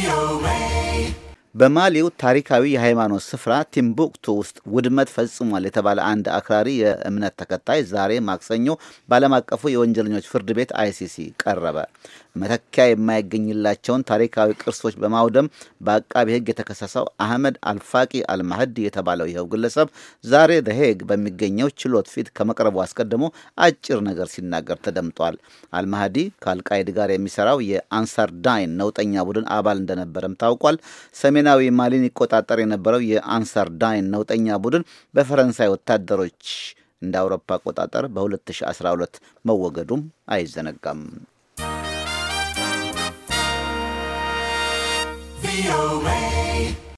VOA. በማሊው ታሪካዊ የሃይማኖት ስፍራ ቲምቡክቱ ውስጥ ውድመት ፈጽሟል የተባለ አንድ አክራሪ የእምነት ተከታይ ዛሬ ማክሰኞ በዓለም አቀፉ የወንጀለኞች ፍርድ ቤት አይሲሲ ቀረበ። መተኪያ የማይገኝላቸውን ታሪካዊ ቅርሶች በማውደም በአቃቢ ሕግ የተከሰሰው አህመድ አልፋቂ አልማህዲ የተባለው ይኸው ግለሰብ ዛሬ ደሄግ በሚገኘው ችሎት ፊት ከመቅረቡ አስቀድሞ አጭር ነገር ሲናገር ተደምጧል። አልማህዲ ከአልቃይድ ጋር የሚሰራው የአንሳር ዳይን ነውጠኛ ቡድን አባል እንደነበረም ታውቋል። ሰሜን ሰሜናዊ ማሊን ይቆጣጠር የነበረው የአንሳር ዳይን ነውጠኛ ቡድን በፈረንሳይ ወታደሮች እንደ አውሮፓ አቆጣጠር በ2012 መወገዱም አይዘነጋም።